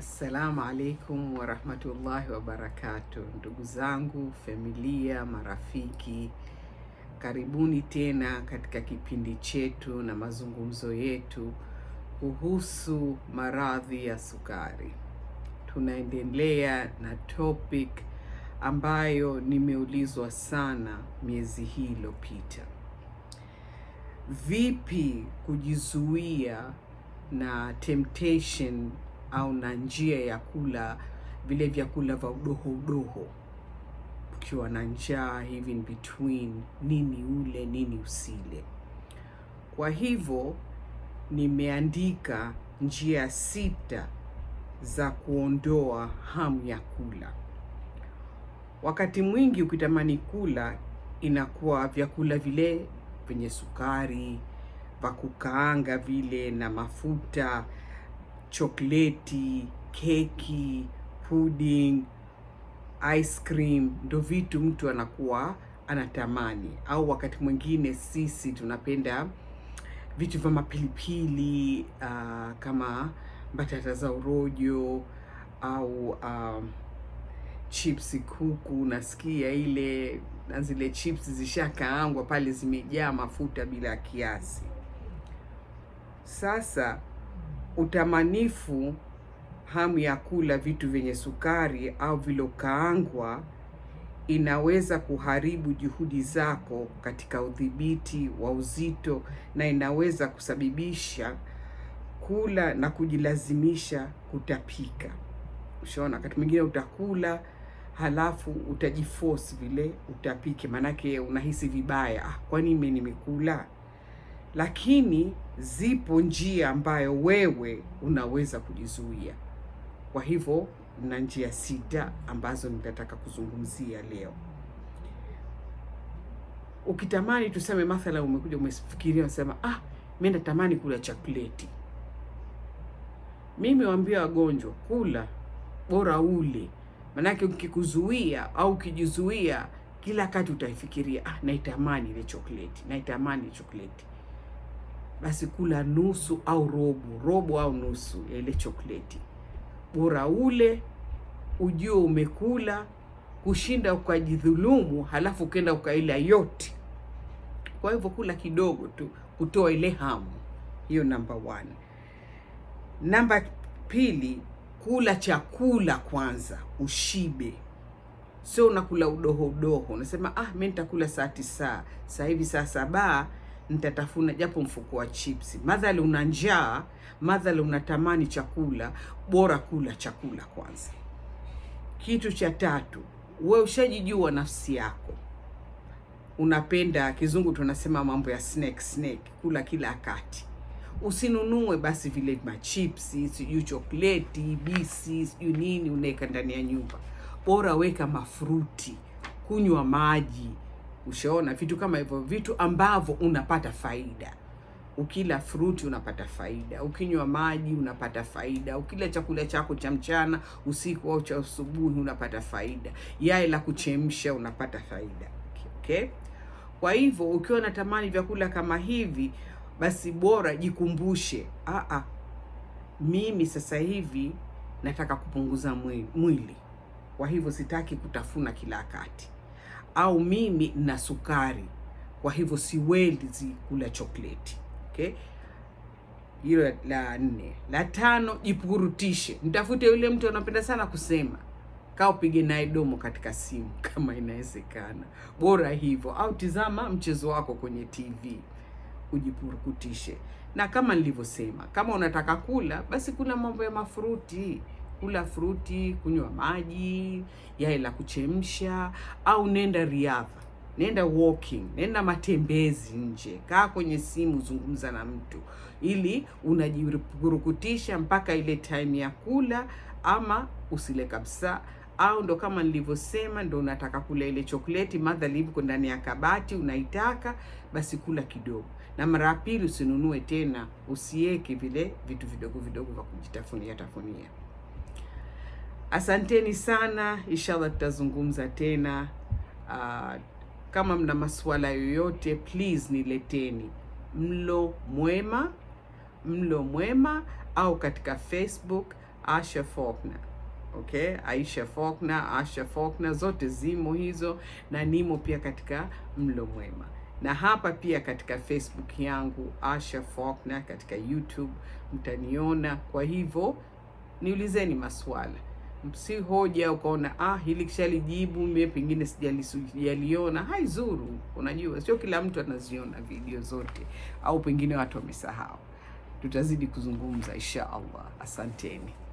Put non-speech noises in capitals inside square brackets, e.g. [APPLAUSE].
Assalamu alaikum warahmatullahi wabarakatu, ndugu zangu, familia, marafiki, karibuni tena katika kipindi chetu na mazungumzo yetu kuhusu maradhi ya sukari. Tunaendelea na topic ambayo nimeulizwa sana miezi hii iliyopita, vipi kujizuia na temptation au na njia ya kula vile vyakula vya udoho udoho, ukiwa na njaa hivi in between, nini ule nini usile. Kwa hivyo nimeandika njia sita za kuondoa hamu ya kula. Wakati mwingi ukitamani kula inakuwa vyakula vile vyenye sukari, vya kukaanga vile na mafuta chokleti, keki, pudding, ice cream ndo vitu mtu anakuwa anatamani, au wakati mwingine sisi tunapenda vitu vya mapilipili uh, kama mbatata za urojo au uh, chipsi kuku. Nasikia ile na zile chips zishakaangwa pale, zimejaa mafuta bila kiasi. Sasa utamanifu, hamu ya kula vitu vyenye sukari au vilokaangwa inaweza kuharibu juhudi zako katika udhibiti wa uzito na inaweza kusababisha kula na kujilazimisha kutapika. Ushaona, wakati mwingine utakula halafu utajiforce vile utapike, maanake unahisi vibaya, ah, kwa nini nimekula? lakini zipo njia ambayo wewe unaweza kujizuia. Kwa hivyo na njia sita ambazo nitataka kuzungumzia leo. Ukitamani tuseme mathala, umekuja umefikiria, unasema ah, mimi natamani kula chokoleti. Mimi waambia wagonjwa, kula bora ule, maanake ukikuzuia au ukijizuia, kila wakati utaifikiria, ah, naitamani ile chokoleti, naitamani chokoleti basi kula nusu au robo robo au nusu ya ile chokleti. Bora ule ujue umekula kushinda ukajidhulumu, halafu ukenda ukaila yote. Kwa hivyo kula kidogo tu kutoa ile hamu hiyo, namba one. Namba pili, kula chakula kwanza ushibe, sio unakula udoho udoho, unasema ah, mimi nitakula saa tisa, saa hivi saa saba nitatafuna japo mfuko wa chipsi. Madhali una njaa, madhali unatamani chakula, bora kula chakula kwanza. Kitu cha tatu, we ushajijua nafsi yako, unapenda kizungu tunasema mambo ya snack, snack, kula kila wakati. Usinunue basi vile machipsi, sijui chokleti bisi, sijui nini unaweka ndani ya nyumba. Bora weka mafruti, kunywa maji Ushaona vitu kama hivyo, vitu ambavyo unapata faida. Ukila fruti unapata faida, ukinywa maji unapata faida, ukila chakula chako cha mchana, usiku au cha asubuhi unapata faida, yai la kuchemsha unapata faida. Okay, kwa hivyo ukiwa unatamani vyakula kama hivi, basi bora jikumbushe, ah mimi sasa hivi nataka kupunguza mwili, mwili. Kwa hivyo sitaki kutafuna kila wakati au mimi na sukari, kwa hivyo siwezi kula chokleti. Okay, hilo la nne. La tano, jipurutishe, mtafute yule mtu anapenda sana kusema Kaa upige naye domo katika simu [LAUGHS] kama inawezekana, bora hivyo, au tizama mchezo wako kwenye TV ujipurukutishe. Na kama nilivyosema, kama unataka kula basi kula mambo ya mafuruti kula fruti, kunywa maji, yai la kuchemsha, au nenda riadha, nenda walking, nenda matembezi nje, kaa kwenye simu, zungumza na mtu, ili unajipurukutisha mpaka ile time ya kula, ama usile kabisa au ndo kama nilivyosema, ndo unataka kula ile chokoleti madhali iko ndani ya kabati, unaitaka basi kula kidogo, na mara ya pili usinunue tena, usieke vile vitu vidogo vidogo vya kujitafunia tafunia. Asanteni sana, inshallah tutazungumza tena. Uh, kama mna masuala yoyote please nileteni. Mlo Mwema, Mlo Mwema au katika Facebook Asha Faulkner. Okay, Aisha Faulkner, Asha Faulkner zote zimo hizo, na nimo pia katika Mlo Mwema na hapa pia katika Facebook yangu Asha Faulkner, katika YouTube mtaniona. Kwa hivyo niulizeni maswala hoja ukaona ah, hili kishalijibu mie, pengine sijaliona. Haizuru, unajua sio kila mtu anaziona video zote, au pengine watu wamesahau. Tutazidi kuzungumza insha Allah. Asanteni.